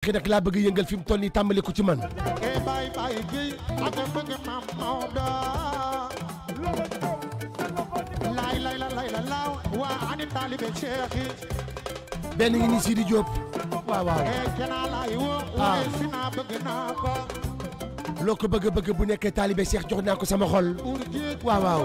ki nag laa bëgg yëngal fi mu toll nii tàmbali ko ci man laay lay la lay la laaw waa ani taalibe cheikh yi benn ngi ni Sidi Diop waaw waaw kenaa ah. laay woo waaye si naa bëgg naa ko loo bëgg bëgg bu nekkee taalibe cheikh jox naa ko sama xol waaw waaw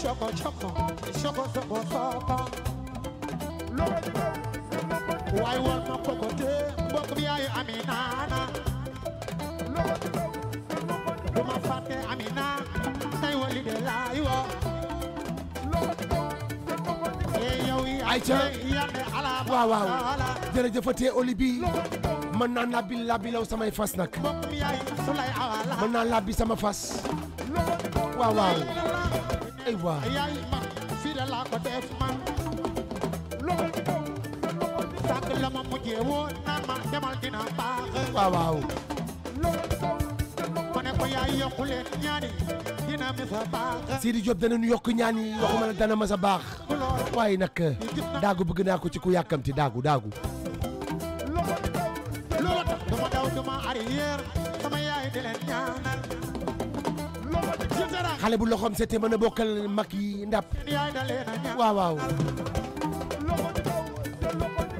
choco choco, choco choco choco. Why won't no cocote, book me I aminana. Kuma fate amina, say wali de la yo. ay ca waaw waaw jërëjëfatee oli bi mën naa labbi labbi law samay fas nag mën naa labbi sama fas waaw waaw ay waa yaay man fii da laa ko def man loxo ci la ma mujjee woon naan ma demal dina baax waaw waaw ma ne ko yaay yokku leen ñaan dina mës a baax Sidi Diop danañu yokk ñaan yi waxuma dana mës a baax waaye nag daagu bëgg naa ko ci ku yàkkamti daagu daagu xale bu loxoom seetee ma a bokkal mag yi ndap waaw waaw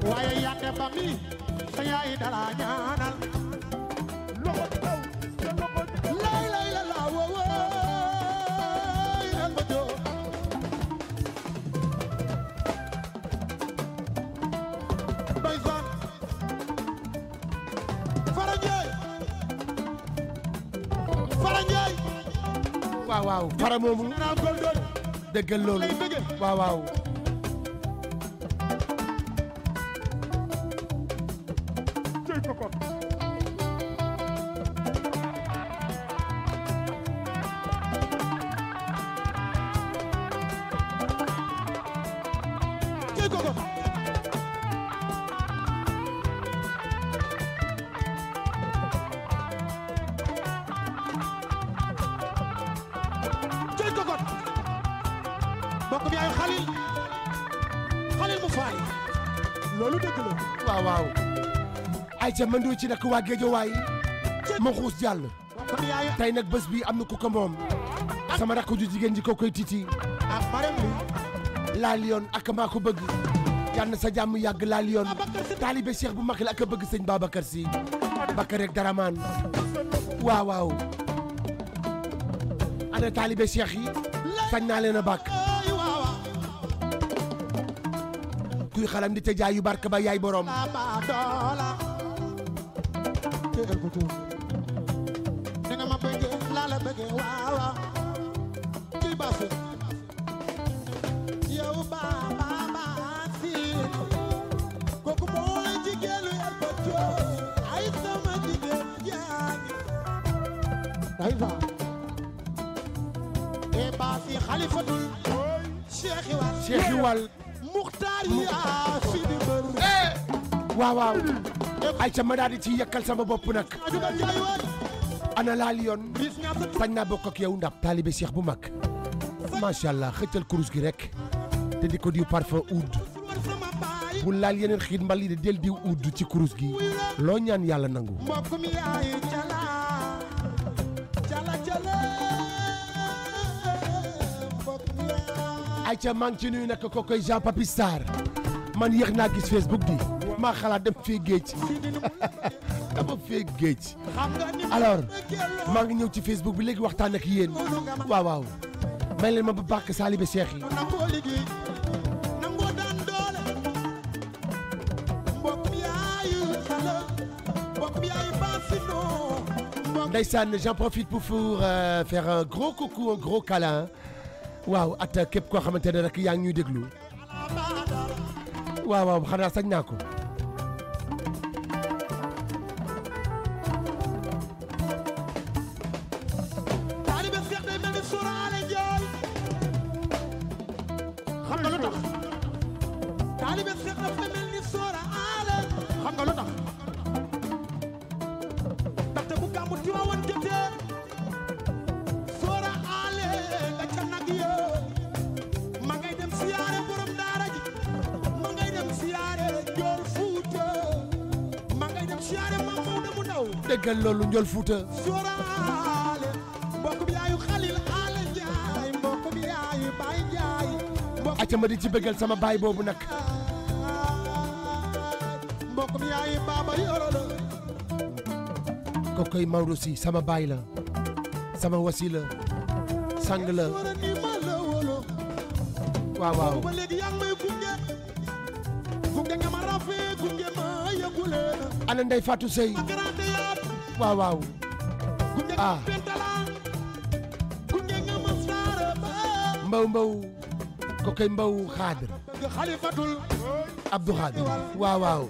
waaye yàgg ba mi sa yaay dala ñaanal waaw para moomu dëggal loolu waaw waaw yaakub loolu dëgg la waaw ay ca mëndoo ci nag waa géejo waay ma xuus jàll tey nag bés bi am na ku ko moom sama rakk ju jigéen ji ko koy titi ak barem bi laa liyoon ak maa bëgg yal sa jàmm yàgg laa liyoon ah, taalibe cheikh bu mag la ak a bëgg sëñ Babacar Sy Bakar rek daramaan waaw waaw ana taalibe cheikh sañ naa leen a bàkk kuy xalam di te jaayu barke ba yaay borom. Cheikh Iwal waaw waaw ayca ma daal di ci yëkkal sama bopp nag ana laa yoon sañ naa bokk ak yow ndam taalibe bu mag macha allah xëccal kurus gi rek te di ko diw parfum oud bu laal yeneen xiit mbal yi di del diw oud ci kurus gi loo ñaan yàlla nangu ayca maa ngi ci nuyu nag kookoy Jean Papi man yéex naa gis Facebook bi ma xalaat dem fii géej dama fii géej alors maa ngi ñëw ci Facebook bi léegi waxtaan ak yéen waaw waaw may leen ma ba bàkk Salibé Cheikh yi Ndeysaan j'en profite pour euh, faire un gros coucou un gros câlin waaw at képp koo xamante ne rek yaa ngi ñuy déglu waaw waaw xanaa sañ naa ko dëggal loolu njol bi yaayu xalil ala njaay mbokk bi yaayu baay njaay acca ma di ci bëggal sama baay boobu nag mbokk bi yaayu baaba yoro la kokoy Maodo si sama baay la sama wasila sang la waaw waaw ba léegi yaa may gunge gunge nga ma rafet gunge ma yëgule ana ndey Fatou Seye waaw waaw ah mbaw mbaw ko koy mbaw xaadir Abdou Xaadir waaw waaw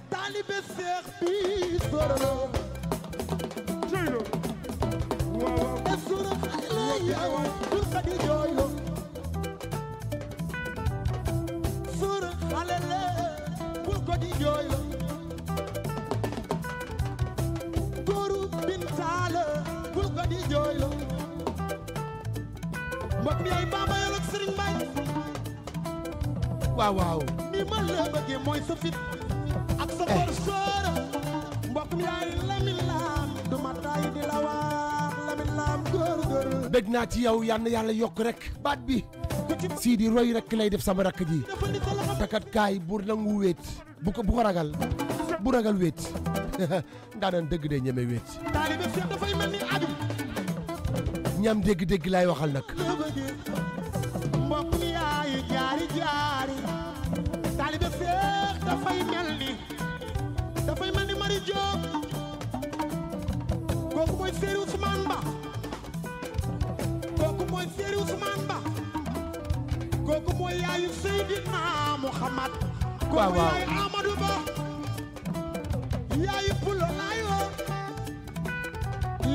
naa ci yow yal yàlla yokk rek baat bi Sidi roy rek lay def sama rakk ji takat kaay bu nangu wéet bu ko bu ko ragal bu ragal wéet ndaanaan dëgg day ñeme wéet ñam dégg-dégg laay waxal nag mbokk mi yaay jaari jaari taalibe feex dafay mel ni dafay mel ni mari Jóob kooku mooy Serigne Ousmane Ba mooy séeri Ousmane Ba kooku mooy yaayu Muhammad Amadou Ba yaayu Pulo Layo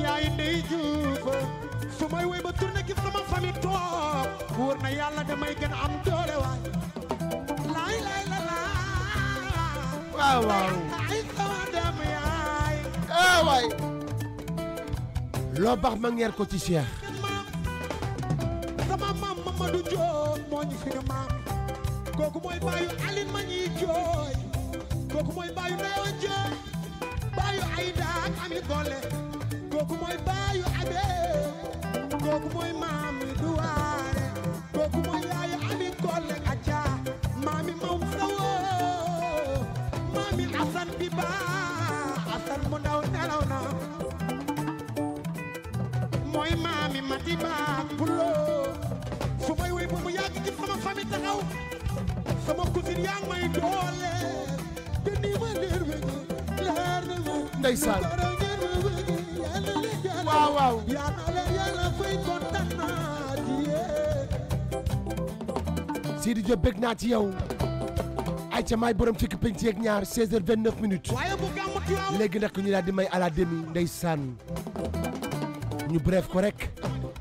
yaayu ba sama damay gën am la ah, ma ngeer ko ci Cheikh Modou Diop mooy baayu Aline ma ñuy il faut ma famille taxaw sama cousine yaa ngi may doole ci yéen ci yow ay ca maay borom fukki penc yeeg ñaar 16h29 minutes léegi nag ñu daal di may à la demi ndeysaan ñu bref ko rek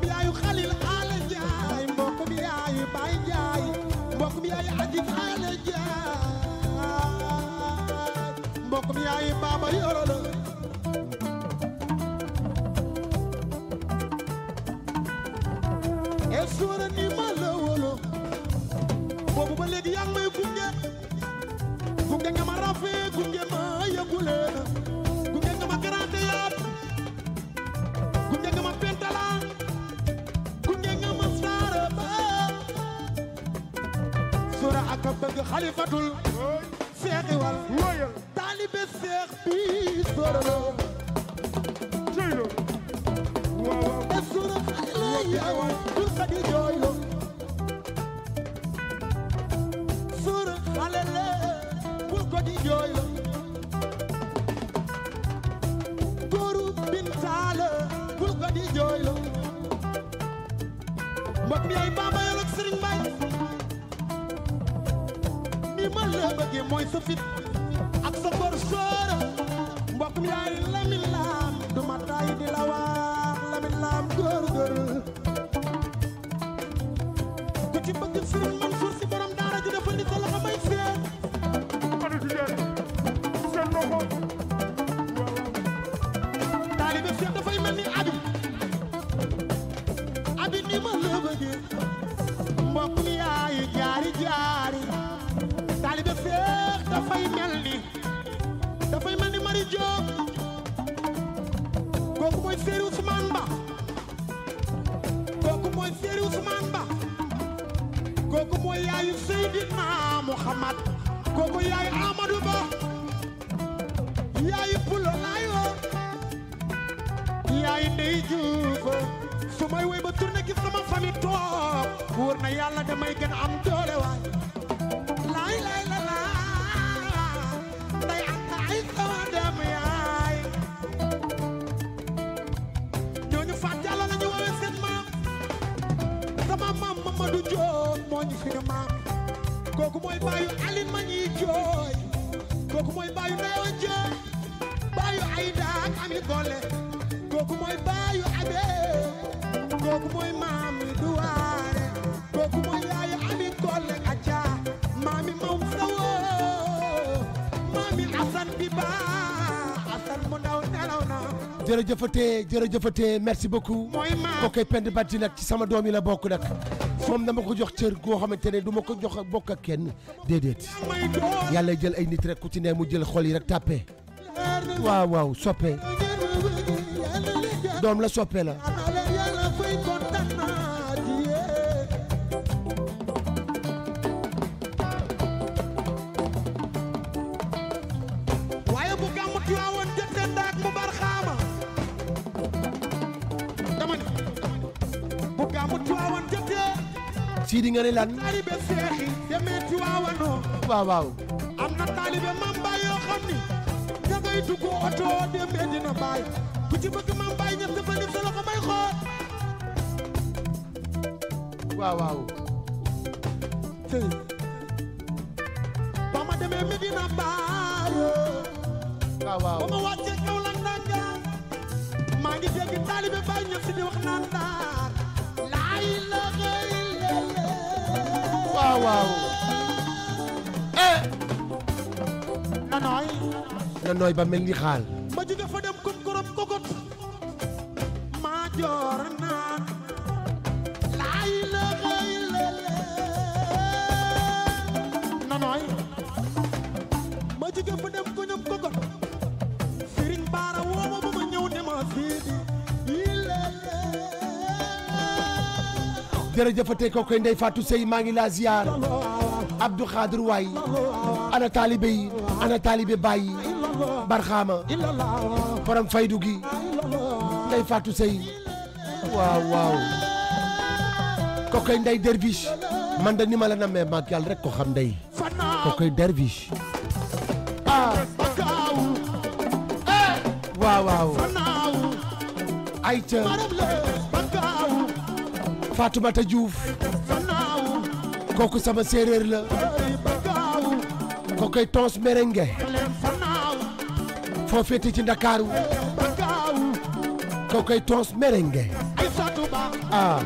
mbokk bi yaayu xalil ale jaay mbokk bi yaayu bay jaay mbokk bi yaayu ajib ale jaay mbokk bi yaayu baba yoro la e suura ni ma la wolo boobu ba léegi yaa ngi may gunge gunge nga ma rafe gunge ma yëgule gunge nga ma garanté yaat gunge nga ma pentala ak a bëgg xalifatul seexi wal wóoyal taalibe seex bi sorolo joylo waaw waaw sura xale yaw dur xadi joylo sura xale le bul ko di joylo góoru bintaale bul ko di joylo mbokk mi ay baaba la bëggee mooy sa fit ak sa bor soora mbokk mi yaay lamin Abi Collé kooku mooy beaucoup mooy maam kookoy pend batti nag ci sama doom yi la bokk nag moom dama ko jox cër goo xamante ne duma ko jox ak bokk ak kenn déedéet yàlla jël ay nit rek ku ci ne mu jël xol yi rek tàppe waaw waaw soppe doom la soppe la sii di nga ne lan waaw waaw am taalibe mamba yoo xam may dugg oto démbee dina baay ku ci bëgg baay ñett fa def sa loxo may xool waaw waaw tey ba ma demee Medina Baay oh. waaw ma wàccee kaw la ndànga maa ngi dégg taalibe baay ñett di wax naan daal la xëy lele waaw waaw eh nanoy ca nooy ma jóge fa dem kot korop kokot maa joor naan laay la xëy la na nooy ma jóge ma ñëw ne ma fiidi jërëjëfate ko koy ndey Fatou Sey maa ngi laa ziyaar Abdou Khadir waay ana taalibe ana taalibe baay barxaama borom faydu gi ndey Fatou Sey waaw waaw kokoy ndey derviche man da ni ma la namee maag yàlla rek ko xam ndey kokoy derviche ah waaw waaw ayca Fatoumata Diouf kooku sama séeréer la kokoy tons merengue foo féete ci Ndakaaru kooku ay tons merengue ah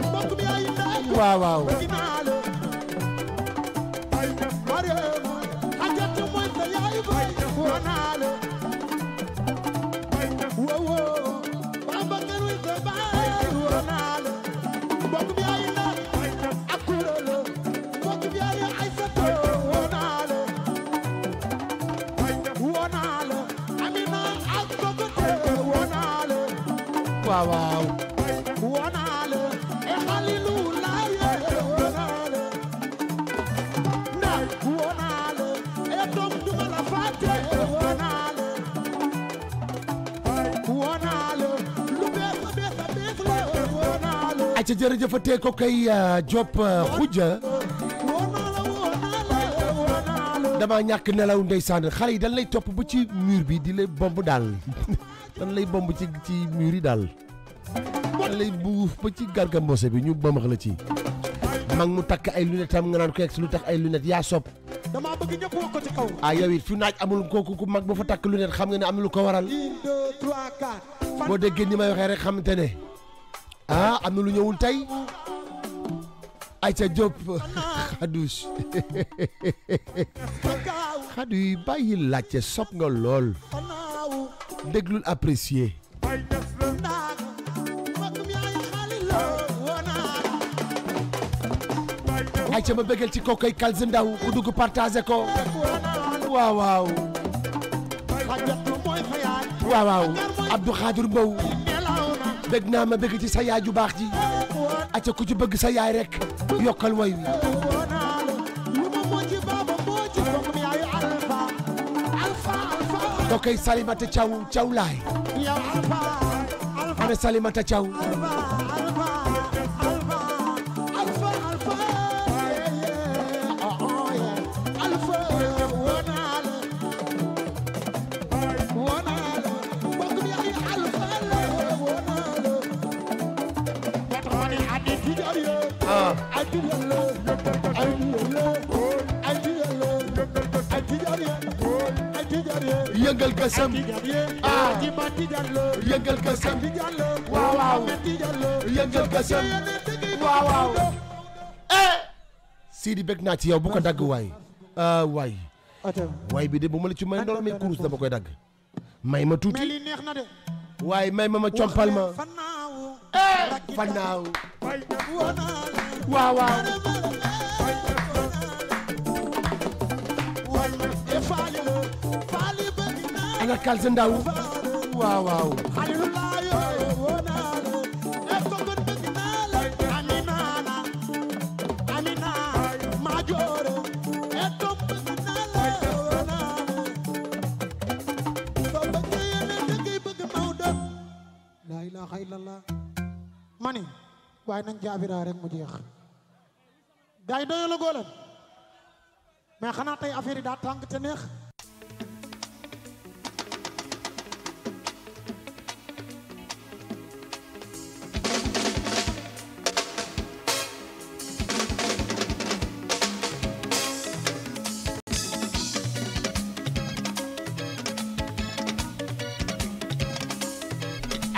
waaw waaw wonaale a bees te ko kay uh, Diop uh, Khoudia dama ñàkk nelaw ndeysaan xale yi dañ lay topp ba ci mur bi di lay bomb daal dañ bomb ci ci mur yi daal lay buuf ba ci garga mbose bi ñu bamax la ci mag mu takk ay lunette am nga naan ko ex lu tax ay lunette ya sop dama bëgg ñëpp wax ko ci kaw ah yow it fu naaj amul koku ku mag ba fa takk lunette xam nga ne am lu ko waral boo déggee ni may waxee rek xam tane ah am lu ñëwul tey Aïcha Diop xadus xadu yi la laajte sop nga lol deglul apprécier ay ca ma bëggal ci kokoy Kalzi Ndaw ku dugg partagé ko waaw waaw waaw waaw Abdou Khadir Mbow bëgg naa ma bëgg ci sa yaay ju baax ji ay ca ku ci bëgg sa yaay rek yokkal way wi kokoy Salimata Thiaw Thiaw laay ana Salimata Thiaw yëngal kësam ah waaw waaw yëngal kësam waaw waaw eh Sidi bëgg naa ci yow bu ko dagg waay ah waay waay bi de bu ma ci may ndool may kurus dama koy dagg may ma tuuti waay may ma ma compal ma eh fannaaw waaw waaw ana kalse ndaw waaw waaw la ilaha illallah mani waaye nañ jaabira rek mu jeex gars yi doyoo la góor leen mais xanaa tey affaire yi daa te neex.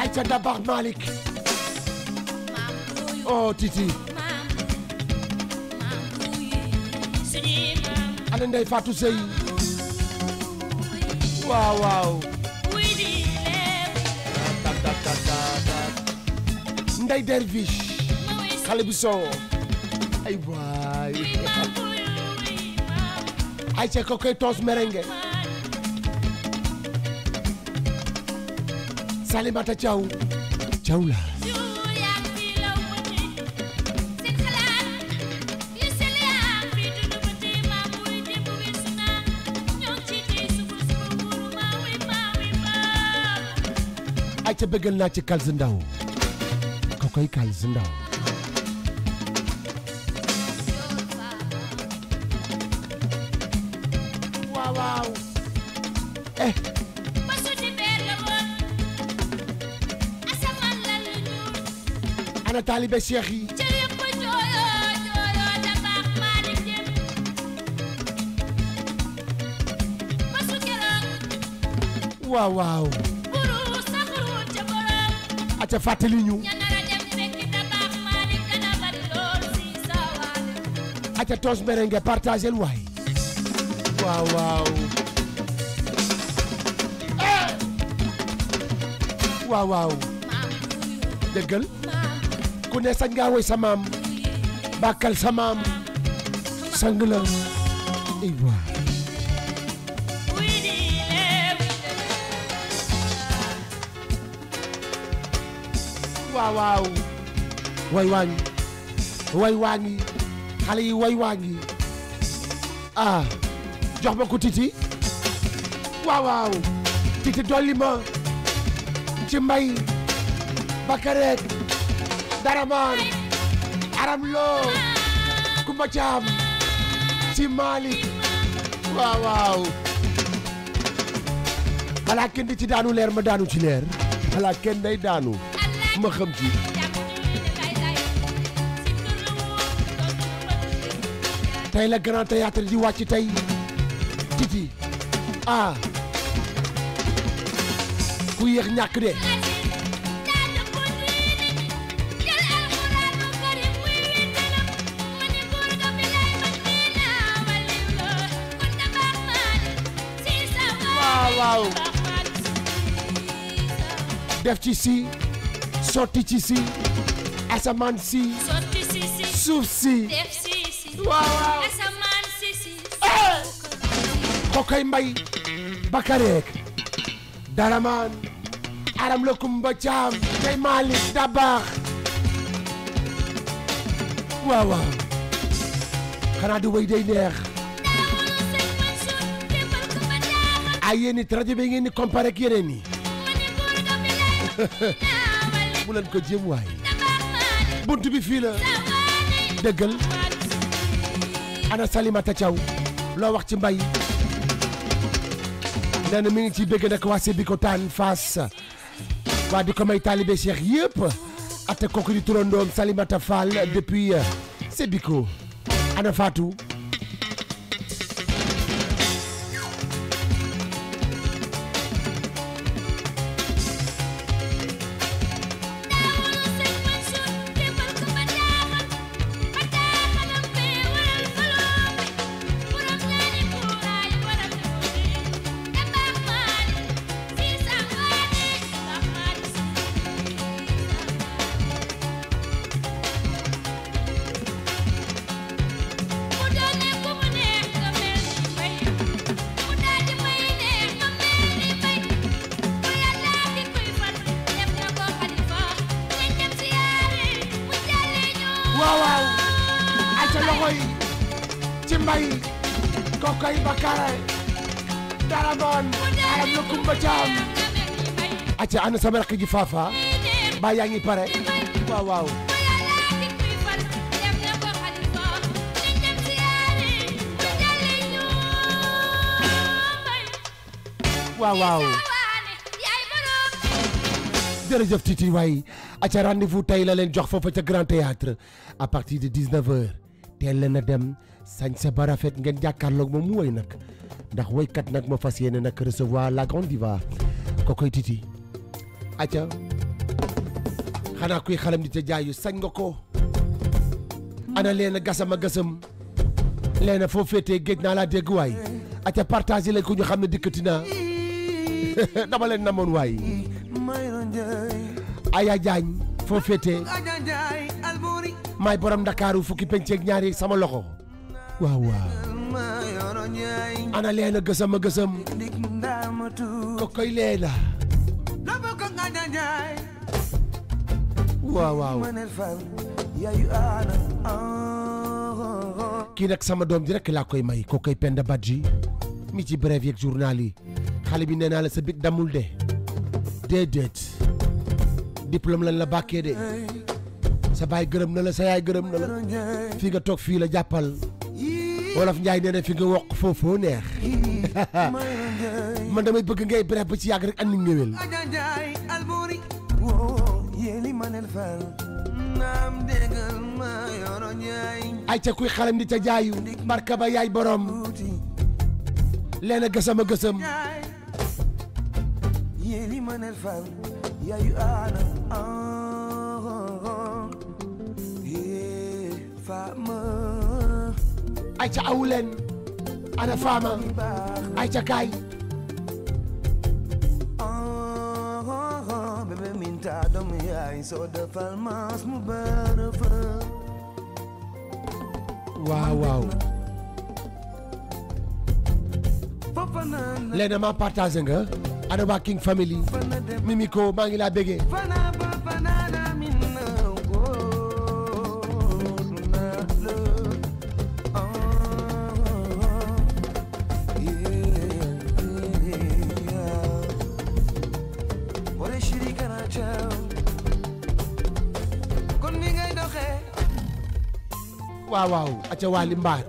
ay ca dabax Malick. Oh Titi ana Ndeye Fatou waaw waaw Ndeye Dervish xale bi soo ay waay ay ce toos merengue Salimata Thiaw Thiaw la ca bëggal naa ci kalz ndaw ko koy kalz ndaw waaw waaw eh ana taalibe cheikh yi waaw waaw aca fàttali ñu aca toos merengue partagel waay waaw waaw eh! dëggal ku ne sañ nga woy sa maam bàkkal sa maam sang la ay waay waaw waaw way waañ way waañ yi xale yi way waañ yi ah, jox ma ko titi waaw waaw titi dolli ma ci mbay bakareek daramaan aram loo kumba caam ci maalik waaw waaw balaa di ci daanu leer ma daanu ci leer balaa kenn day daanu ما خمتي tey la grand théâtre di wàcc tey titi ah ku yéex ñàkk de waaw waaw def ci si sotti ci si asamaan si suuf si waaw kokoy mbay bakareek daramaan aram la kumba caam kay maalik dabaax waaw waaw xanaa du way day neex ay yéen rajo bi ngeen di comparé ak yeneen yi bu ko jéem waay bunt bi fii la dëggal ana Salimata Thiaw loo wax ci mbay nee na mi ngi ciy bëgg nag waa Sébikotane Fass waa di ko may taalibe Cheikh yëpp ate kooku di turandoom Salimata Fall depuis euh, Sébiko ana Fatou Fafa. faafa ba yaa ngi pare waaw waaw waaw waaw Titi waay aca rendez-vous tey la leen jox foofa ca Grand Théâtre à partir de 19h teel le a dem sañse ba rafet ngeen jàkkaarloog moom mu woy nag ndax woykat nag ma fas yéene nag recevoir la grande diva kokoy Titi aca xanaa kuy xalam di te jaayu sañ nga ko ana leena gasama gasam leena foo féetee géej naa laa dégg waay aca partage leen ko ñu xam ne dikkati naa dama leen namoon waay aya jaañ foo féetee maay borom ndakaaru fukki ñaar ñaari sama loxo waaw waaw ana leena gasama gasam ko koy leena waaw waaw ah, ah, ah. kii nag sama doom ji rek laa koy may koo koy Penda Badji mi ci brève yeeg journal yi xale bi nee naa la sa big damul de déedéet diplôme lan la bàkkee de sa baay gërëm na la sa yaay gërëm na la fii nga toog fii la jàppal wolof Njaay nee na fi nga wokk foofoo neex man damay bëgg ngay bref ba ci yàgg rek andi ngéwél manel fal ay ca kuy xalam di ca jaayu barka yaay borom leena gësam a gësam ay ca awuleen ana faama ay ca kaay ta doomu yaay waaw waaw leena ma partagé nga Adoba King Family Mimiko maa ngi laa béggee waaw waaw aca waali mbaar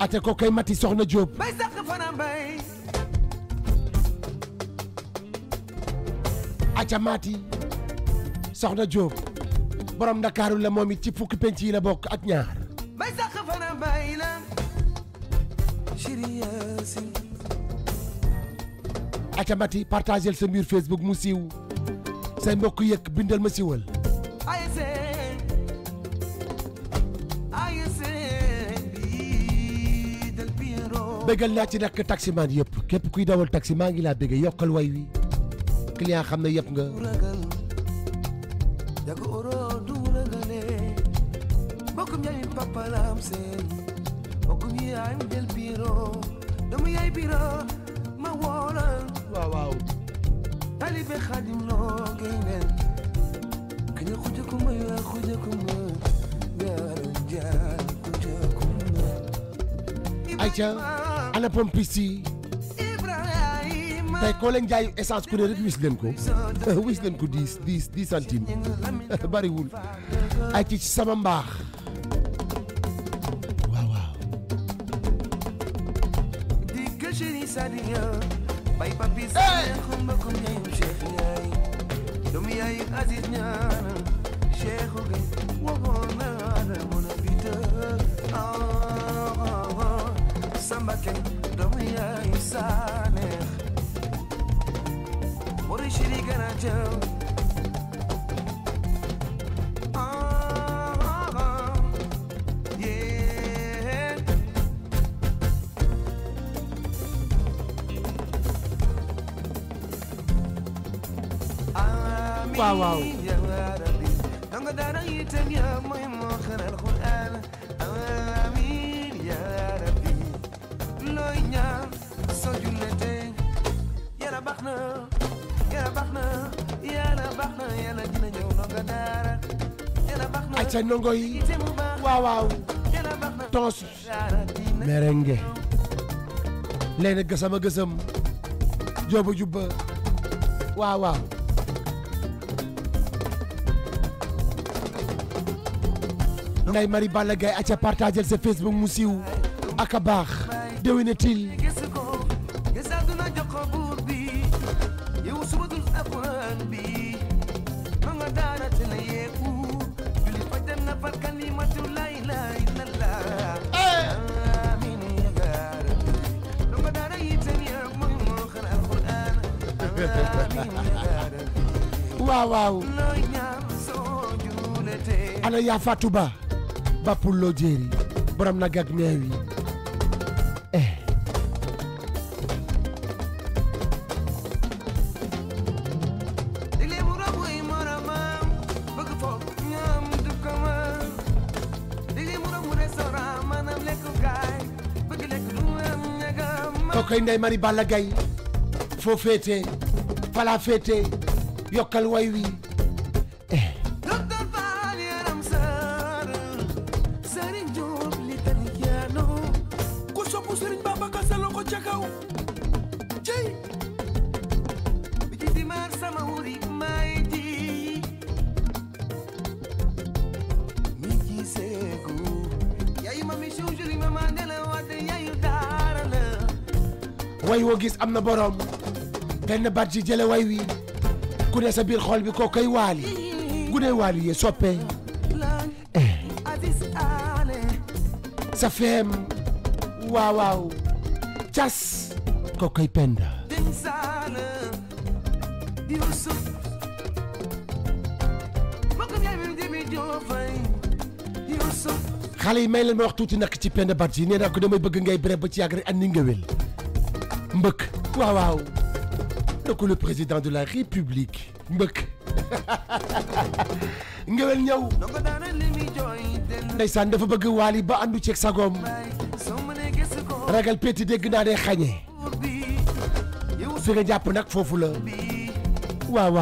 ay ko kay mati soxna Diop bay sax soxna Diop borom Ndakaaru la moom it ci fukki penc yi la bokk ak ñaar acamati partagel sa mbir Facebook mu siiw say mbokk yëg bindal ma siiwal bëggal naa ci nag taximaan yëpp képp kuy dawal taxi maa ngi laa bëgg yokkal way wi client xam ne yëpp nga bokkum yaay biro doomu yaay biro woolal waaw waaw talibe xadim loo gaynel kene xuja kuma ya xuja kuma gaara jaal xuja kuma ayca ana pompiste yi tey koo leen jaay essence ku ne rek leen ko wis leen ko dix dix dix bariwul ay ci sama mbaax kadiya bay papi sane xumba ko ñeyu cheikh ñay doomi yaay aziz ñana cheikh ge wogo na ala mona bita ah samba ke doomi yaay sane mori shiri garaja waaw ayca ndongo waaw waaw tons merenge leena gësama gësam jooba jubba waaw waaw Ndeye Marie Balla Gaye acca partagel sa Facebook mu siiw ak a baax déwénatil eh. waaw waaw ana yaa Fatou Ba bàppul loo jéeri borom nag ak neew yi eh koy ndey mari Balla Gaye foo féete fala féete yokkal way wi gis am na borom benn bat ji jële way wi ku ne sa biir xool bi ko koy waali gune waali yee soppe sa feem waaw waaw cas ko koy penda xale yi may leen ma wax tuuti nak ci penda bat ji nee naa ko damay bëgg ngay bref ba ci yàgg rek andi ngewel Mbuk, Waouh Donc le président de la république mbëkk ngewel ñëw ndeysaan dafa bëgg Wali ba àndu ceeg sagom. ragal petit dégg naa dé xagné. fi japp nak wa la waaw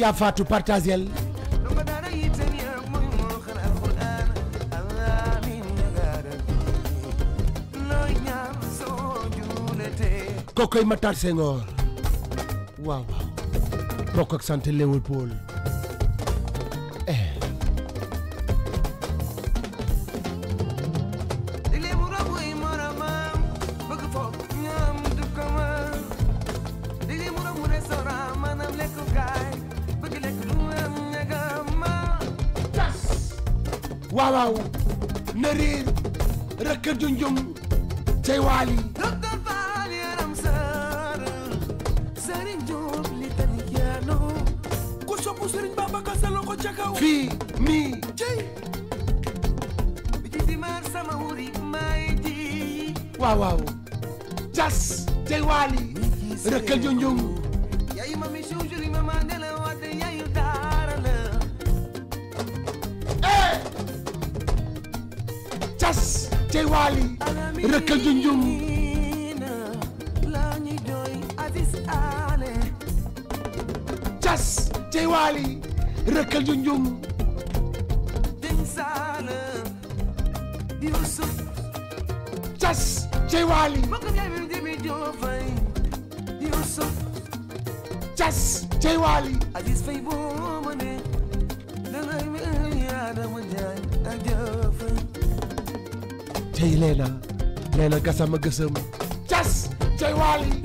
waaw partagez. kookoy Matar Senghor waaw waaw bokk ak sant Léopold eh. waaw waaw na riir rëkk junjum cey waali bu Serigne Babacar Sy loxo fii nii ci biti dimaar sama wuri may di waaw waaw jas tey waali rëkkal jonjong ma mi ma maa nela waate yayu daara la eh jas tey waali rëkkal jonjong cey waali rëkkal ju njum cas cey waali cas cey waali cey leena leena gasama gësëm cas cey waali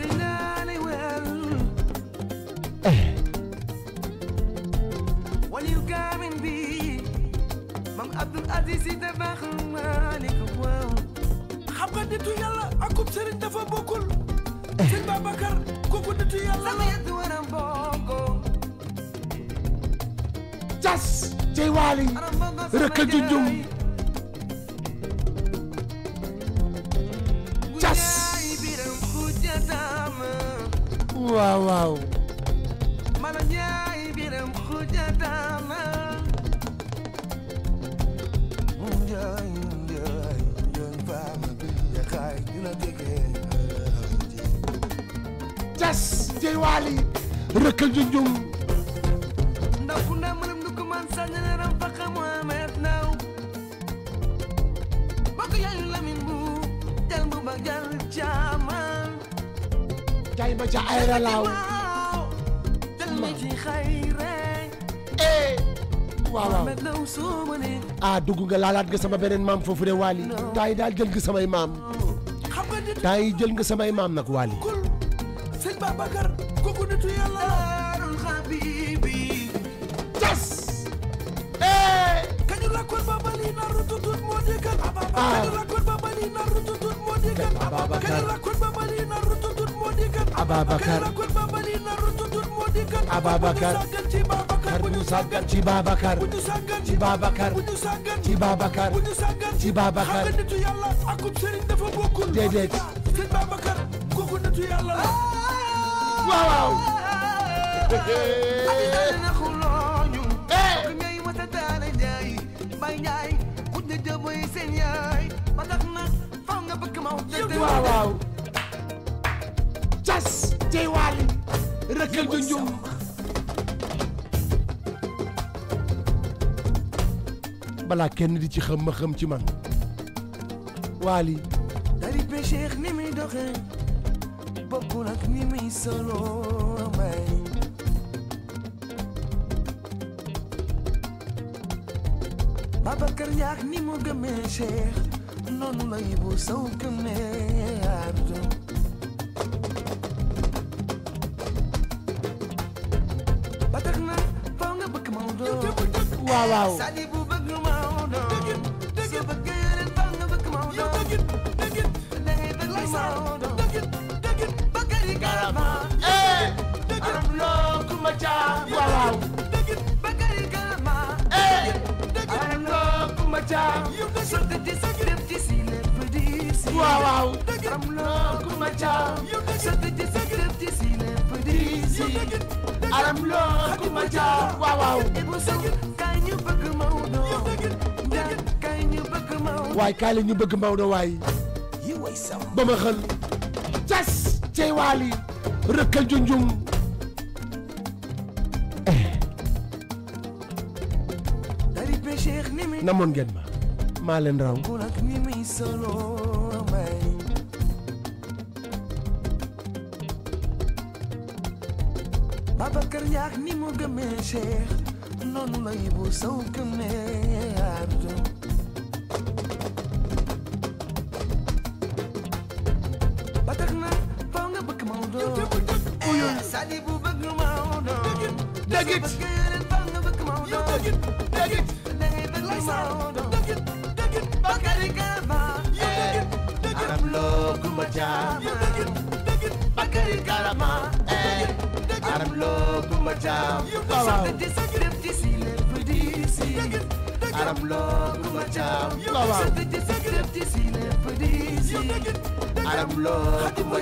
ka junjung nga laalaat nga sama beneen maam foofu de Waly temps yi daal jël nga samay maam temps yi jël nga samay maam nag Waly. sëñ Babacar kooku nitu yàlla daarul xabibi tas eh! kañu rakkoon babali na rututut moo déggal ah. kañu rakkoon babali na rututut moo déggal kañu rakkoon babali na rututut moo déggal kañu rakkoon babali na rututut moo déggal Ababacar Babacar bu ñu sàggan ci Babacar bu ñu sàggan ci Babacar bu ñu sàggan ci Babacar bu ñu sàggan ci Babacar xam nga nitu yàlla ak sëriñ dafa bokkul déedéet sëriñ Babacar kooku nitu yàlla la waaw eh. waaw waaw cas tey waali rëkkal du njum balaa kenn di ci xam ma ci man waali dari pecheex ni muy doxe bokkul ak ni muy solo may Babacar Ñaax ni mu gëmee Cheikh noonu la Ibou Sow gëmee ardo ba tax na faw nga bëgg Maodo waaw waaw maja sëtëji sëtëji bëgg Maodo njaay waay ba ma xël cas cey waali rëkkal junjum namoon ngeen ma maa Babacar Ndiaye ni mu gëmee Cheikh noonu la Ibou Sow gëmee àdduna ba tax na faw nga bëgg Maodo eh, sali bu bëgg Maodo dagit faw nga bëgg Maodo dagit dagit da ngay bëgg Maodo dagit dagit Bakary Gaba arab Aram Lo Kumba Thiam. waaw Aram Lo Kumba Thiam. waaw Aram Lo Kumba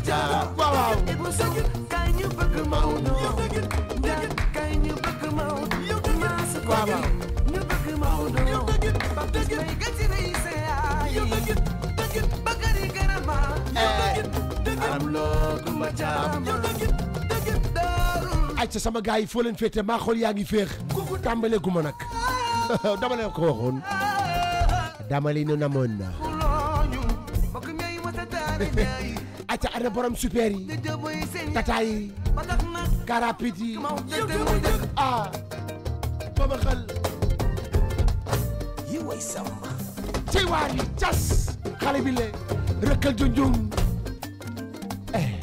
Thiam. waaw. kaay ñu bëgg Maodo. kaay ñu bëgg Maodo. waaw waaw. ñu bëgg Maodo. Baptiste Mbaye gëstu na yi see ayi. Aram Lo Kumba Thiam. ayca sama gars yi foo leen féete maa xool yaa ngi féex tàmbale gu ma nag dama leen ko waxoon dama leen namoon na ayca ana borom super yi tata yi karapit yi ah bama xel way samba ci waar cas xale bi le junjung eh.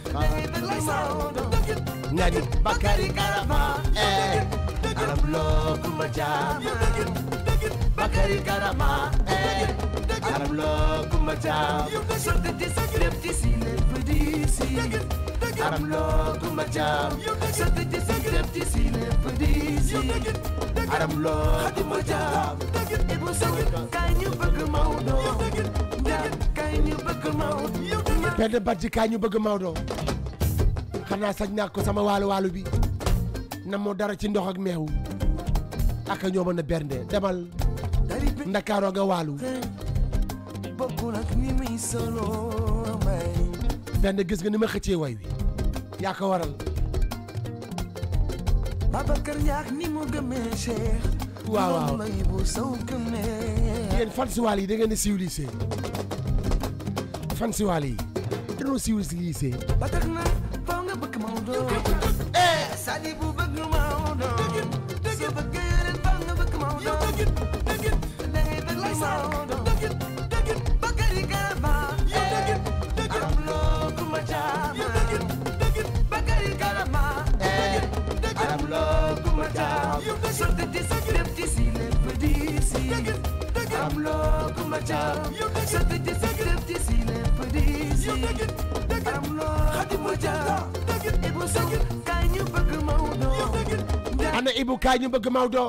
nga ni Bakari Karama eh alam loo kumba jaama Bakary Karama eh. am loo kumba caam sa lépp bëgg Maodo Ndiaye xanaa sañ naa ko sama waalu waalu bi na moo dara ci ndox ak meew ak ñoo mën bernde demal ndakaaroo nga waalu benn gis nga ni ma xëccee way wi yaa ko waral Babacar Ñaax ni mu gëmee Cheikh waaw waaw yéen fan si waal yi da ngeen di civilisé fan si waal yi dañoo civilisé na foo nga bëgg Maodo eh Sali bu bëgg Maodo dëgg dëgg bëgg yéen foo nga bëgg Maodo ana Ibou kaay ñu bëgg Maodo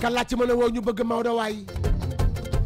kan laa ci mën a woo ñu bëgg Maodo waay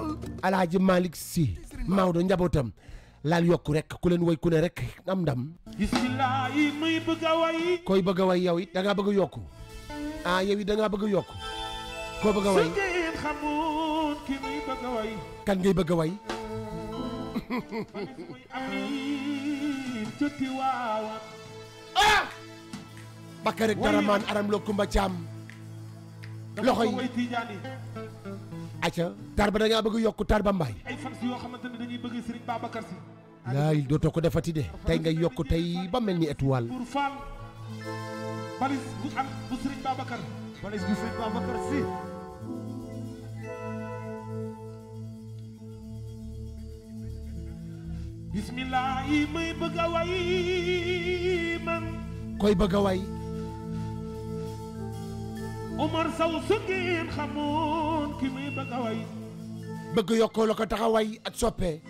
lool alaaji Malick Sy Maodo njabootam laal yokku rek ku len way ku ne rek am ndam bismillah may beug way koy beug way yow it da nga beug yok ah yow it da nga beug yok ko beug way kan ngay beug way joti waawan dara maan aram lo kumba caam loxoy acca tar da ngaa bëgg yokk itu mbaay ay fans yoo xamante dañuy bëgg Serigne Babacar koy bëgg way Omar Sow su ngeen xamoon ki muy bëgg way bëgg yokkoo la ko tax a way ak soppee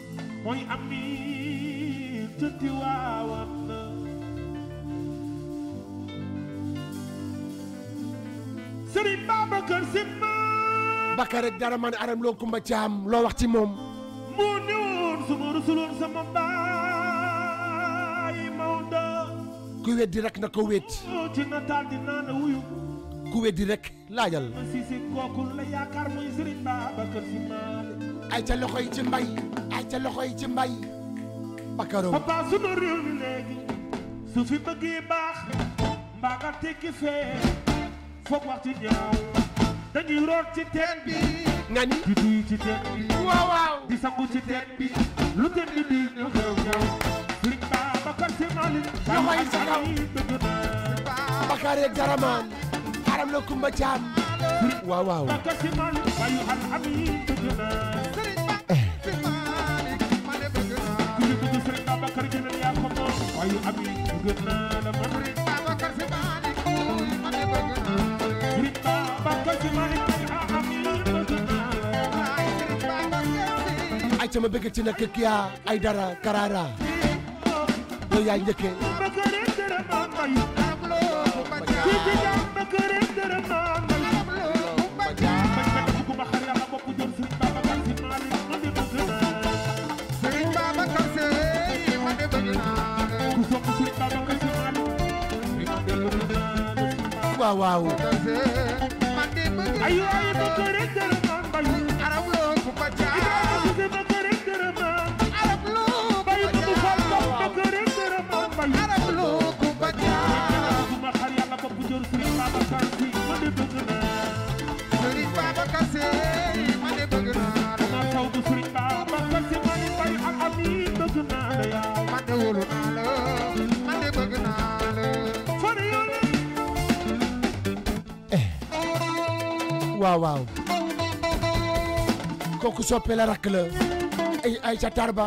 mooy am ni tëddi waawam na Serigne Babacar Sy dara man aram loo kumba caam loo wax ci moom moo ne woon su ma rusuloon sama baay Maodo ku weddi rek na ko wéet ci nataal dinaa la wuyu ku weddi rek laajal. ay ca loxo yi ci mbay. ay ca loxo yi ci mbay. Bakaro. papa sunu réew mi léegi. su fi bëggee baax. mbaa nga tekki fee. foog wax ci ñaaw. dañuy root ci teen bi. nga ni. di duy ci teen bi. waaw di sangu ci teen bi. lu teen bi di ñëw ñëw. Bakar Si Malik. loxo yi ca kaw. Bakar yeeg Daraman. am na Kumba Caam waaw waaw ay ca ma bëgg ci nag kiya ay dara karara yow yaa njëkke waaw waaw waaw waaw kooku soppe la rakk la ay ay ca tarba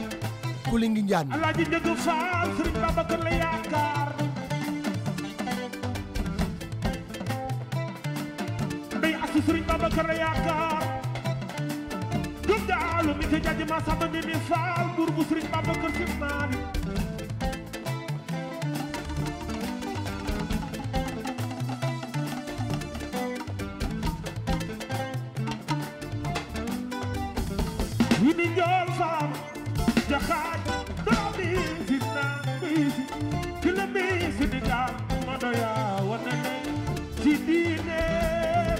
kuli ngi njaan alaaji njëgu faal sëriñ Babacar la yaakaar day asu sëriñ Babacar la doya wana nay ci diine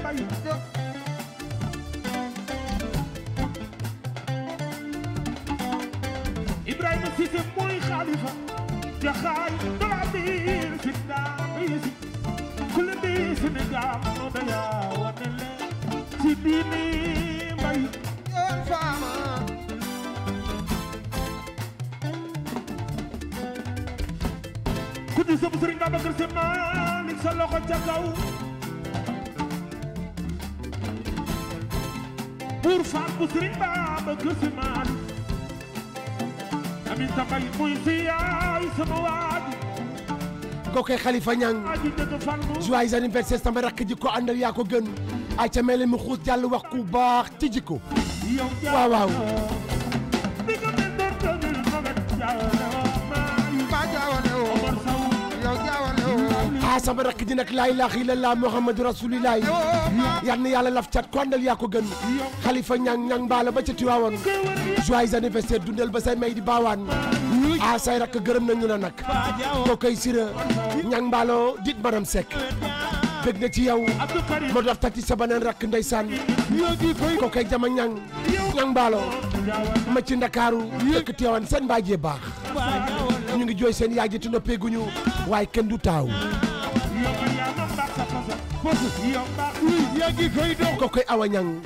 bay jóg Ibrahima Cissé mooy xalifa jaxaay dala biir si daa bayisi ku la di Sénégal no doya wana lay ci diine bay faama di sëb Sëriñ Babacar Sy Malick sa loxo ca kaw pour faat bu Sëriñ Babacar Sy Malick Aminta Mbaye muy si yaay sama waaj kookee Khalifa Niang joyeux anniversaire sama rakk ji ko àndal gën ay ca mele mu xuus jàll wax baax ci jikko waaw waaw ah sama rakk ji nag laa ilaaha illallah muhammadu rasulillah yal na yàlla laf cat ko àndal yaa ko gën xalifa ñang ñang mbaala ba ca Tiwaawoon joyeux anniversaire dundal ba say may di baawaan ah rakk gërëm nañu la nag koo koy sira ñang mbaalo dit maram bëgg na ci yow moo daf tati sa beneen rakk ndeysaan koo koy jama ñang ñang mbaalo ma ci ndakaaru dëkk Tiwaawan seen mbaajee baax ñu ngi jooy seen yaay ji te noppeeguñu waaye kenn du taaw kokoy awa ñang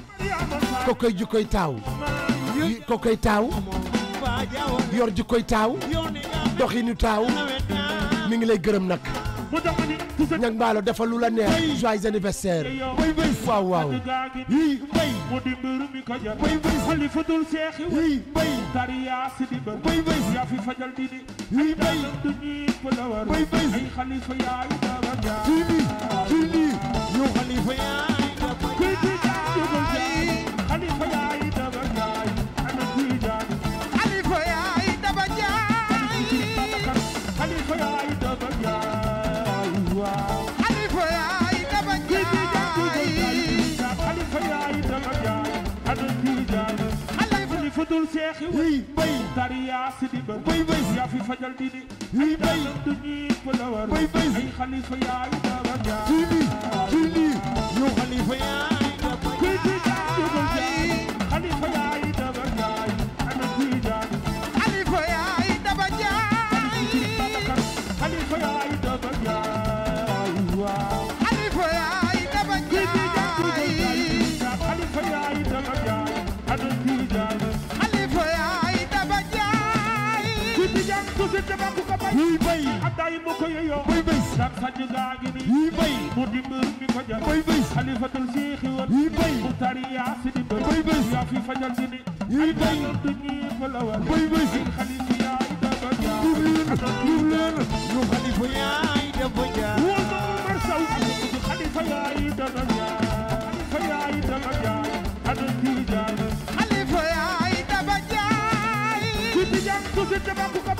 kokoy jukkoy taaw kokoy taaw yor jukkoy taaw doxinu taaw mi ngi lay gërëm nag ñang mbaalo dafa lu la neex joyeux anniversaire waaw waaw bay bay 永恒的会？焰。fudul seex yi bay tariya sidi ba bay bay yaa fi fajal dini yi bay du ñépp la war bay bay ay xalifa yaay da war yaa ci li ci li yow xalifa yaay da bay xaju gaa ngi nii yi bay mu di mbër mi ko jël bay bay xalifatul siixi woon yi bay mu tari yaa si di bay bay bay yaa fi fajal si ni yi bay du ñii fa la war bay bay si xalifa yaay dafa jaar ñu leen ñu leen ñu xalifa yaay dafa jaar woo ma Umar Saw xalifa yaay dafa jaar xalifa yaay dafa jaar xadu ci jaar xalifa yaay dafa jaar ci tijaan ku si dafa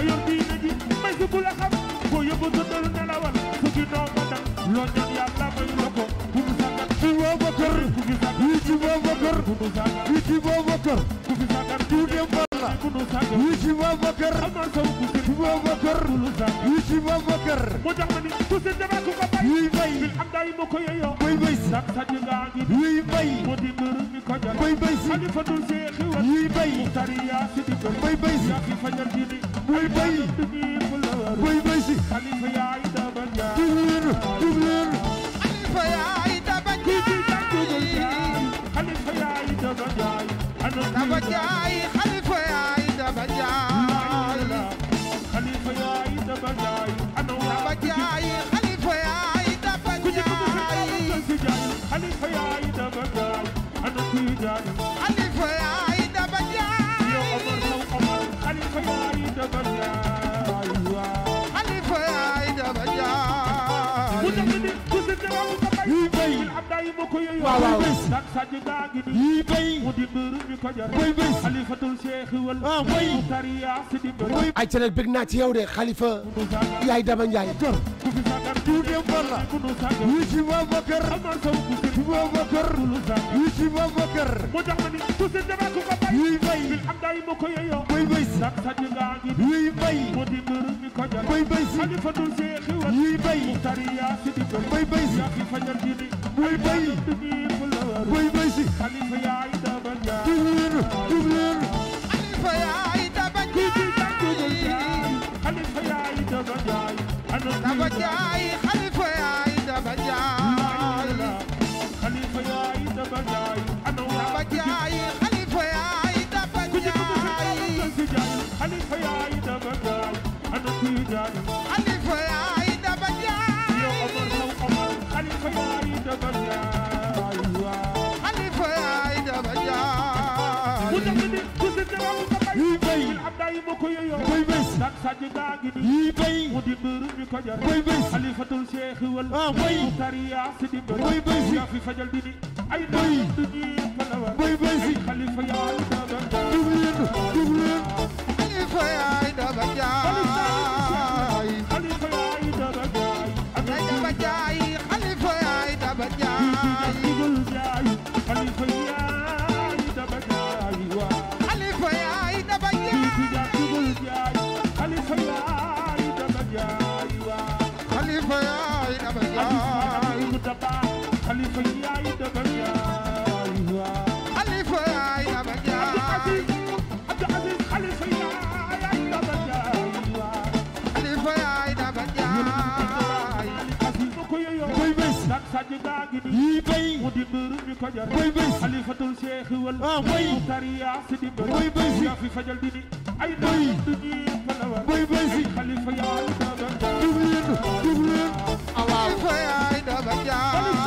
yaa yor diina ji may su ku la xam ko yóbbu tëddal nelawal su ki noo ma dang loo ñaan yàlla may la ko bu mu sàggan ci Babakar ku fi sàggan wii ci Babakar bu mu sàggan wii ci Babakar ku fi sàggan diw dem balla ku nu sàggan wii ci Babakar amal saw ku sën ci Babakar ku nu sàggan wii ci Babakar moo tax ma ni ku sën dama ku ko bay wii bay bil am daay ma ko yeyoo bay bay sag sañ ngaa ngi wii bay moo di mbër mi ko jal bay bay si xalifatul seexi wa wii bay muxtari yaa si di bay bay si yaa fi fajal diini buy bay buy bay si jub leen jub leen kuy buy bay jub leen Khalifa yaay daba jaay waaw waaw yii béy booy béy. ah booy. ay ca bëgg naa ci yow de xalifa yaay Daba Ndiaye. Balla wisi Babakar wisi Babakar wisi Babakar yuy bay bay bay si yuy bay bay bay si yuy bay bay bay si yuy bay bay bay si dugleen dugleen dugleen dugleen dugleen Khalifa yaay daba jaay ana kuy jaay Khalifa yaay daba jaay yow Omar yow Omar Khalifa yaay daba jaay Khalifa yaay daba jaay bu dama nit ku si dama wu ko bay bay ab day ma ko yoyo bay bay dak saji daagi ni yi bay mu di mbër mi ko jar bay bay Khalifatul Cheikh wal ah bay mu tariya si di mbër bay bay si fi fajal di ni ay bay du ñi ko la war bay bay si Khalifa yaay daba jaay jubleen jubleen I never die. yii bay mu di mburu mi ko jar koy bay si alifatul seexi wal ah bay mu tariya si di mburu koy bay si fajal di ni ay bay du ñii palawar koy bay si xalifa yaay daban jubleen jubleen awaaw xalifa yaay daban jaay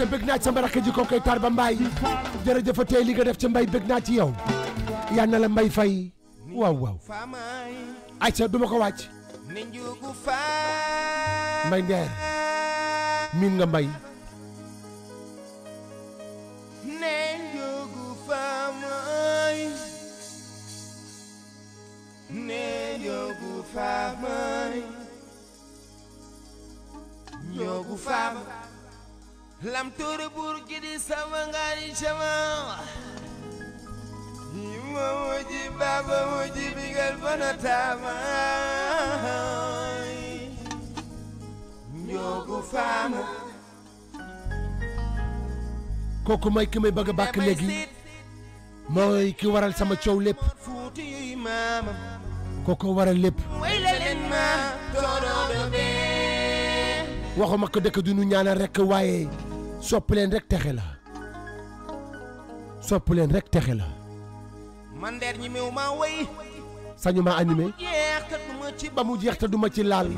ca bëgg naa ci sama rakk ji kookoy tar ba mbaay jërëjëfa tey li nga def ca mbay bëgg naa ci yow yal na la mbay fay waaw waaw ayca duma ko wàcc mbay ndeer miin nga mbay lam tuur buur gi di sama ngaari sama yi ma wuji baaba wuji bigal taamaay njoogu faama kooku mooy ki may bëgg a bàkk léegi ki waral sama coow lépp kooku waral lépp waxuma ko dëkk du nu ñaanal rekk waaye sopp leen rek texe la sopp leen rek texe la man ñi meew maa woy sañu ma animé ba mu jeex duma ci laal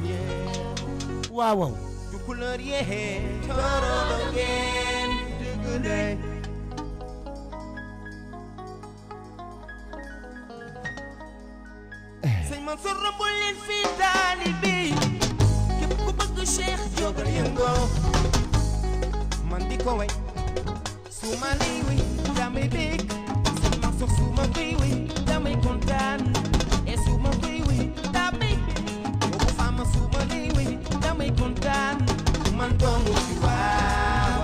waaw waaw du couleur yee toro ngeen dëgg de eh. sëñ Mansour bu leen fi taalibe képp ku bëgg Cheikh jógal yëngoo man di ko way su liiwi damay bég sama liiwi damay kontaan e su ma liiwi damay bég ogu man dongu ci waaw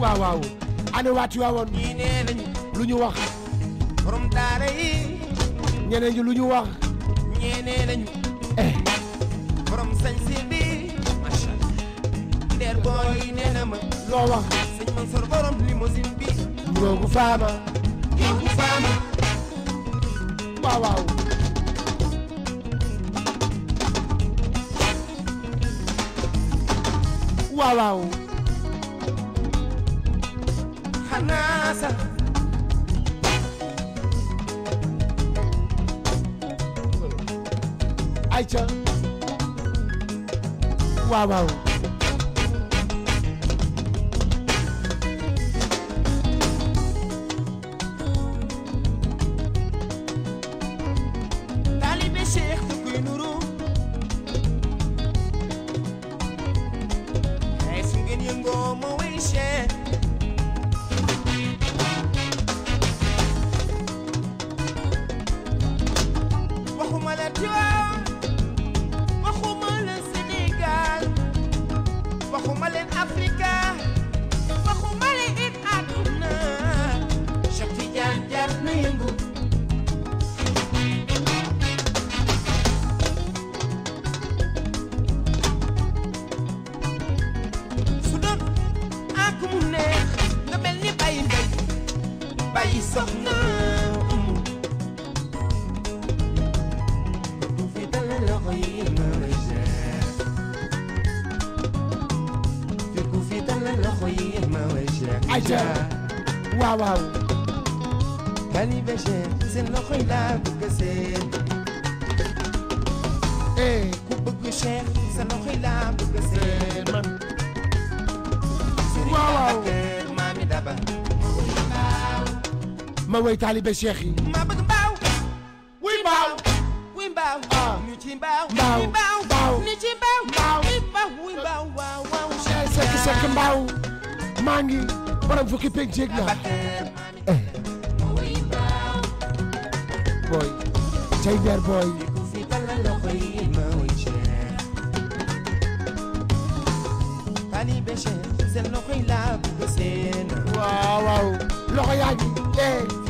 waaw ane waa Tiwaawoon ñii nee lu ñu wax borom daara yi ñeneen lu ñu wax ñee mooy nee na ma loo wax sëñ Mansour borom limousine bi ngoogu faama ngoogu faama waaw waaw waaw waaw xanaa sax ayca waaw waaw mooy taalibe cheikh yi. ma bëgg mbaaw. wuy mbaaw. wuy mbaaw. ñu ci mbaaw. mbaaw mbaaw ñu ci mbaaw. mbaaw wuy mbaaw waaw waaw. cheikh sekk sekk mbaaw. maa ngi borom fukki penc yeeg ñaar. Eh. booy. cay der booy. waaw waaw loxo yaa ngi eh.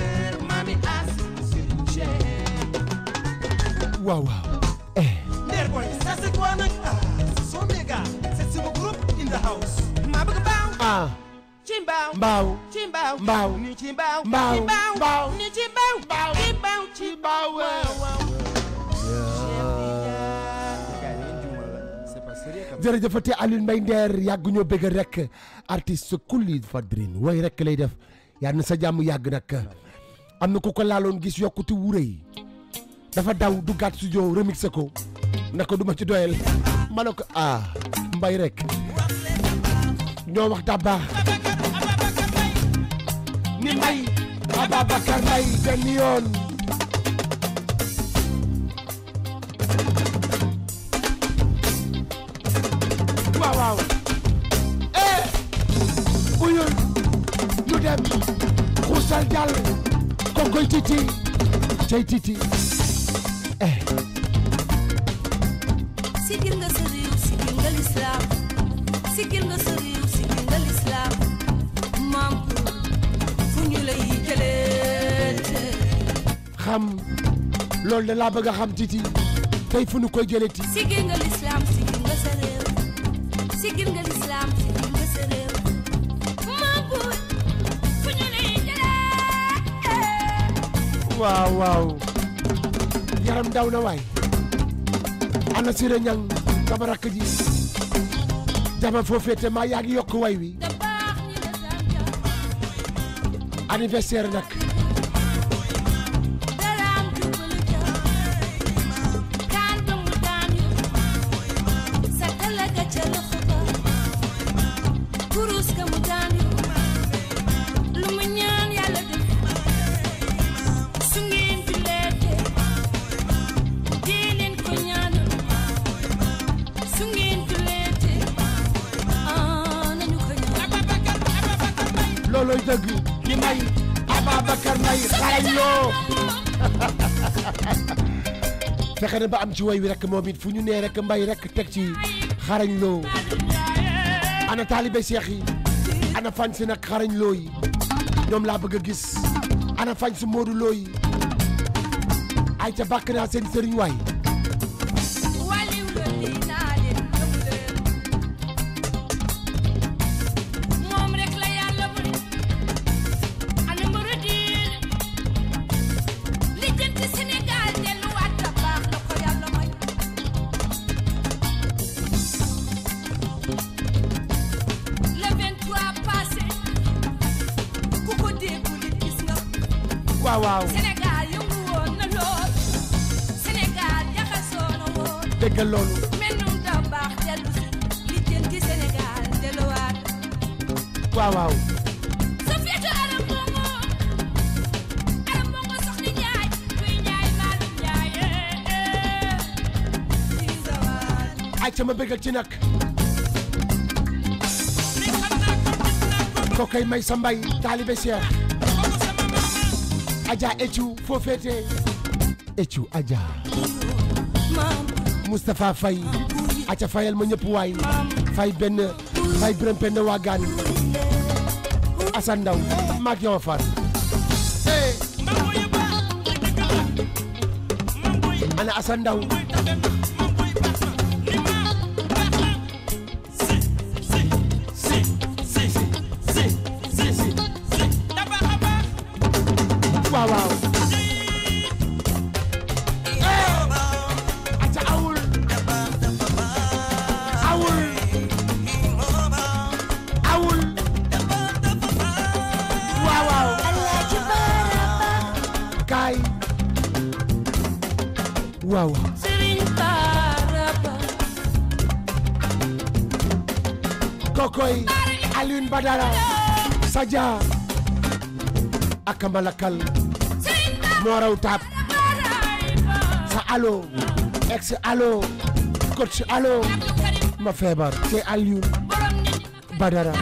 waaw waaw eh ndeer boy ça mbaaw mbaaw mbaaw mbaaw ni Chimbao mbaaw Chimbao Chimbao waaw yàgg ñoo bëgg rek artiste kulli fadrin way rek lay def yal na sa jàmm yàgg nag am na ku ko laaloon gis yokkute wuure dafa daw duggaat studio remixé ko ne ko du ci doyal mane ne ko ah mbay rek ñoo wax dabba ni mbay Ababacar Mbay benn waaw waaw eh uyul ñu dem xusal jàll ko koy titi cey sigil nga sa réew sigil nga lislaam sigil nga sa réew sigil nga lislaam maam fu lay jëlee xam loolu de laa bëgg a xam titi tey fu ñu koy jëlee ti sigil nga lislaam sigil nga sa réew sigil nga lislaam sigil nga sa réew lay jëlee waaw waaw yaram daw na waay ana sira ñang sama rakk ji dama foofee te maa yaa ngi yokk way wi anniversaire nag fexe na am ci way rek moom it fu ñu nee rek mbay rek teg ci xarañ loo ana taalibe seex yi ana fañ nag xarañ loo yi ñoom laa bëgg a gis ana fañ si Modou Lo ay ca bàkk naa seen sëriñ te ma ci nag may sa taalibe Cheikh Adja Ethiou foo féete Ethiou Adja Moustapha aca fayal ma ñëpp waay fay benn fay biram waagaan Assane Ndaw maak yow a far ana Assane Ndaw Faja Malakal moo raw taab sa allo ex allo coach allo ma feebar te Aliou Badara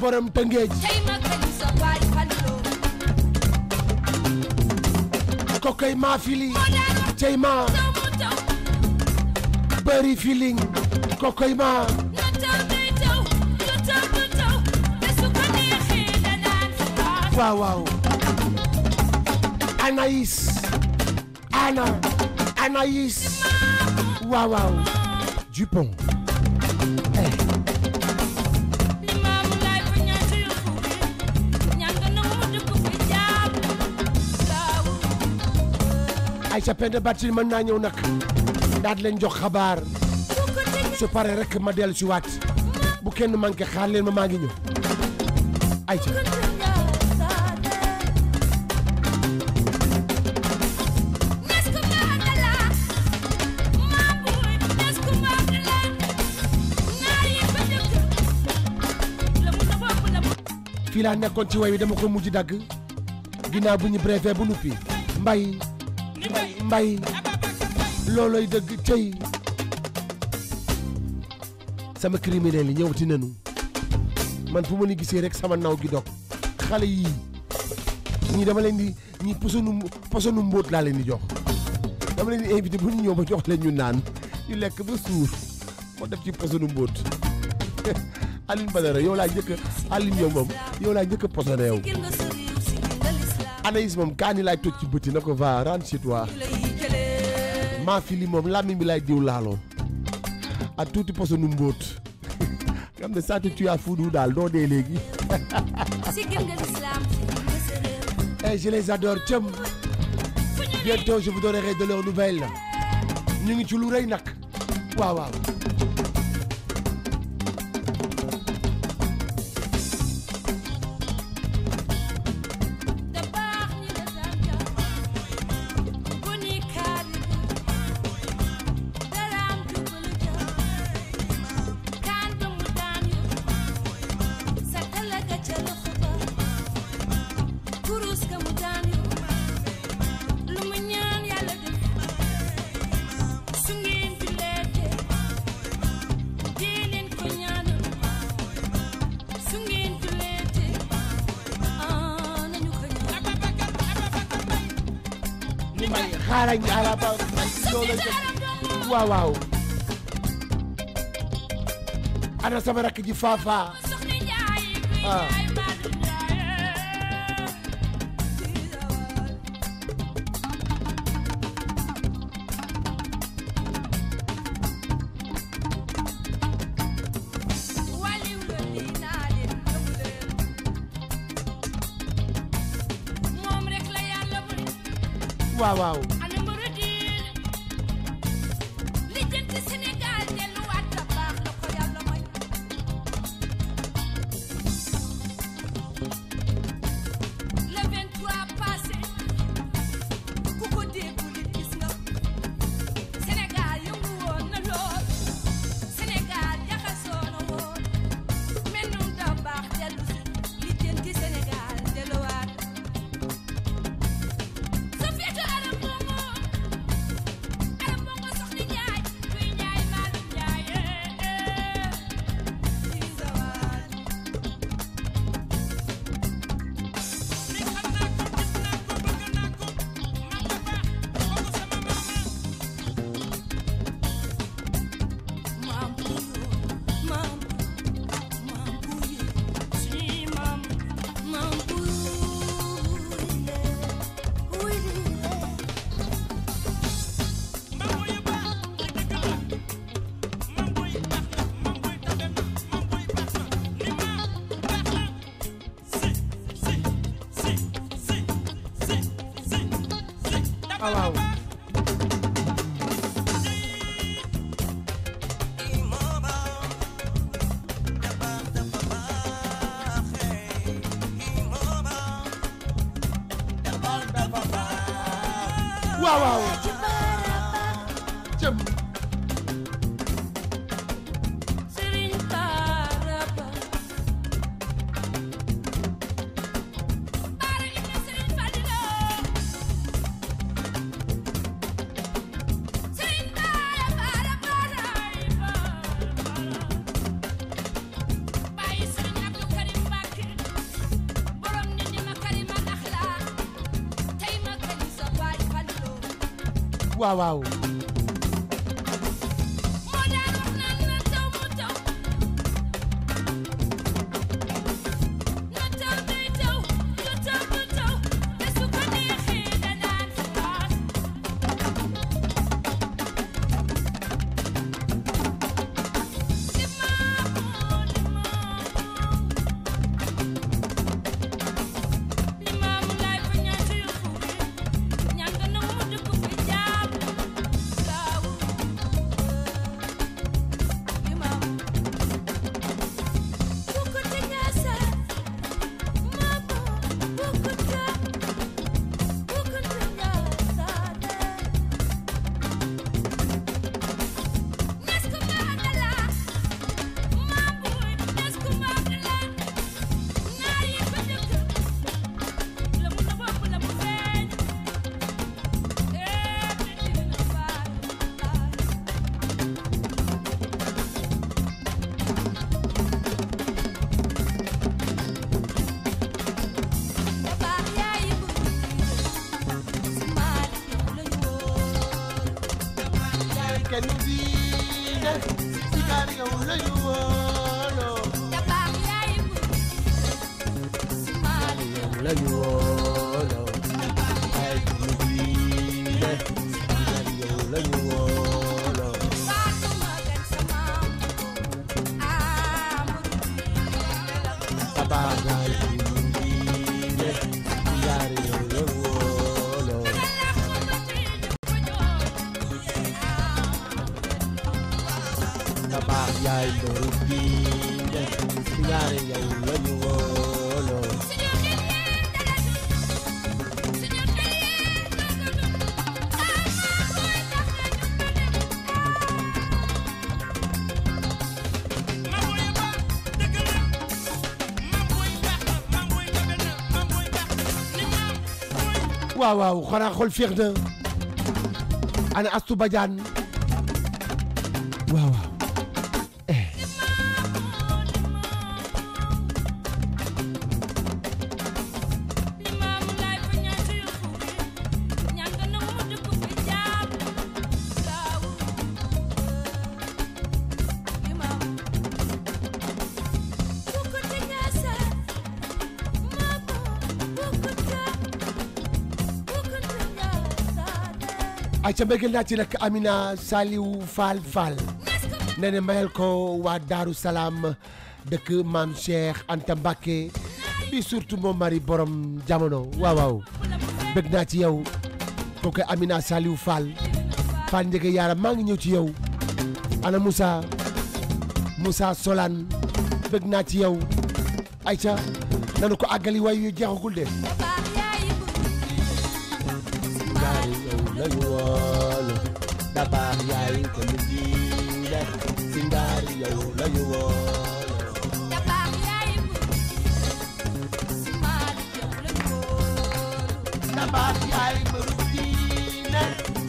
borom Tëngéej kokoy ma fili cey ma bëri feeling kokoy ma waaw waaw Anaïs Ana Anaïs waaw waaw Dupont ay ca Penda Bathily mën naa ñëw nag daat leen jox xabaar su pare rek ma dellu si waat bu kenn manqué xaar ma maa ngi ñëw fii laa nekkoon ci way wi dama ko mujj dagg ginnaaw bu ñu préfet bu nuppi mbay mbay loolooy dëgg cëy sama criminel yi ñëwati nañu man fu ma gisee rek sama naw gi dog xale yii ñii dama leen di ñi posonu posonu mbóot laa leen di jox dama leen di invité bu ñu ñëw ba jox leen ñu naan ñu lekk ba suur moo def ci posonu mbóot Aline Badara yow laa njëkk Aline yow moom yow laa njëkk a posone yow Anaïs moom kaani laay toj ci bëti na ko va rentre chez toi maa fi li moom làmmiñ bi lay diw laaloo ak tuuti posonu mbóot nga xam ne saatu tuyaa fuudu daal doo dee léegi et eh, je les adore cëm bientôt je vous donnerai de leurs nouvelles ñu ngi ci lu rëy nag waaw waaw ana sama rakk ji faafa ah waaw waaw uau, uau. can you be there? You gotta go where you are. Where you are. waaw waaw xanaa xol féex na ana Astou Badiane ca mbégéel naa ci nag Amina Saliou Fall Fall nee na mayal ko waa Daaru Salaam dëkk maam Cheikh Anta Mbacké bi surtout moom mari borom jamono waaw waaw bëgg naa ci yow kooku Amina Saliou Fall Fall njëge yaara maa ngi ñëw ci yow ana Moussa Moussa Solane bëgg naa ci yow ayca nanu ko àggali way yu jeexagul de yaay te mu jiile si ndaar yow la ñu woo Nabaat yaay mbëru diine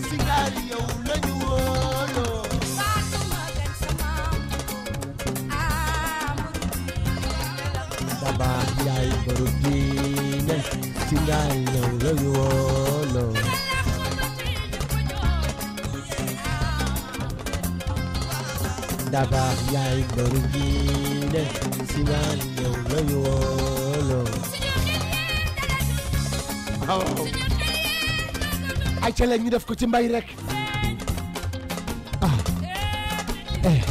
si ngaar yow la ñu wóoloo. Faatuma gën sama Amadu Nabaat yaay mbëru diine si ngaar yow la ñu wóoloo. daba ya igborugi to siwa nye olóyò ọlọ. ay ñu def ko ci mbay rek. Ah. Eh.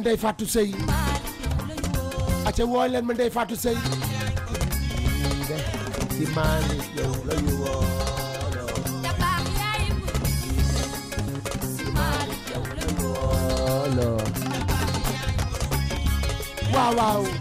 ndey Fatou acca woo leen ma Ndeye Fatou Seye ci maanis yow la ñu woo Wow, wow.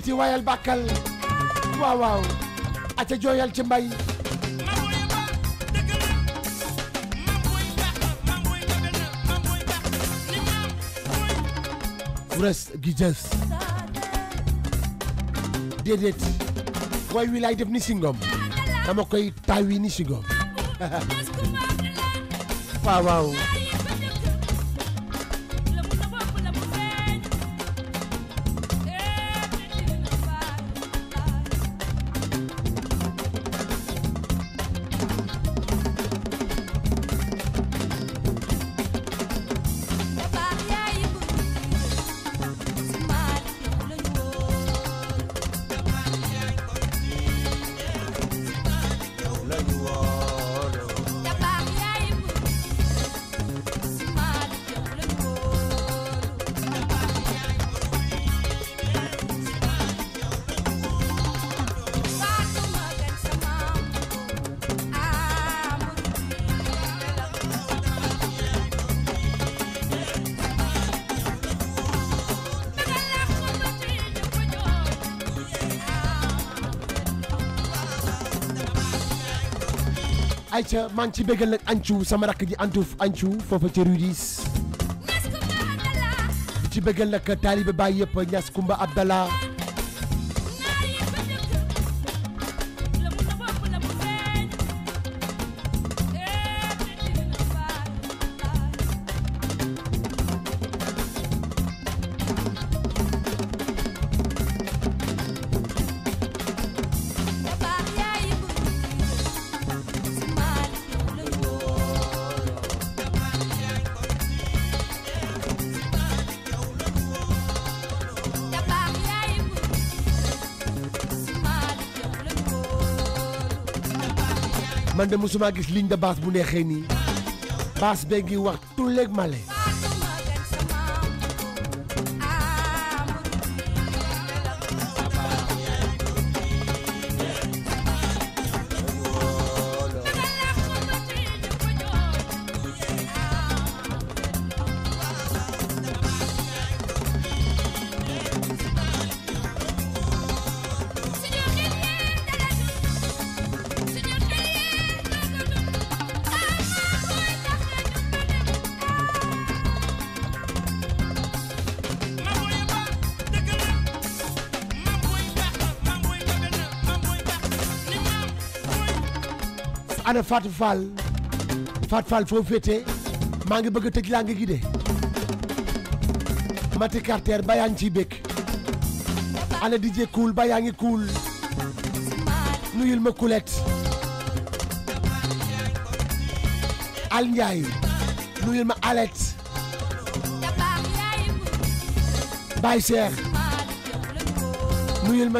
biti wayal bàkkal waaw waaw aca jooyal ci mbay vres gi jës déedéet way wi laay def ni si ngom dama koy taawi ni si ngom waaw maa ngi ci béggal nag ancu sama rakk ji antu ancu foofa ca rudis ci béggal nag taaliba baay yëpp ñas kumba abdallah man de musuma gis ligne de basse bu neexee nii basse bee ngi wax tulleeg male ana Fatou Fall Fatou Fall foo maa ngi bëgg a tëj laa ngi gi de Mati Carter ba yaa ngi ciy ana DJ Cool ba yaa ngi cool nuyul ma Coulette Al Ndiaye nuyul ma Alette Baye Cheikh nuyul ma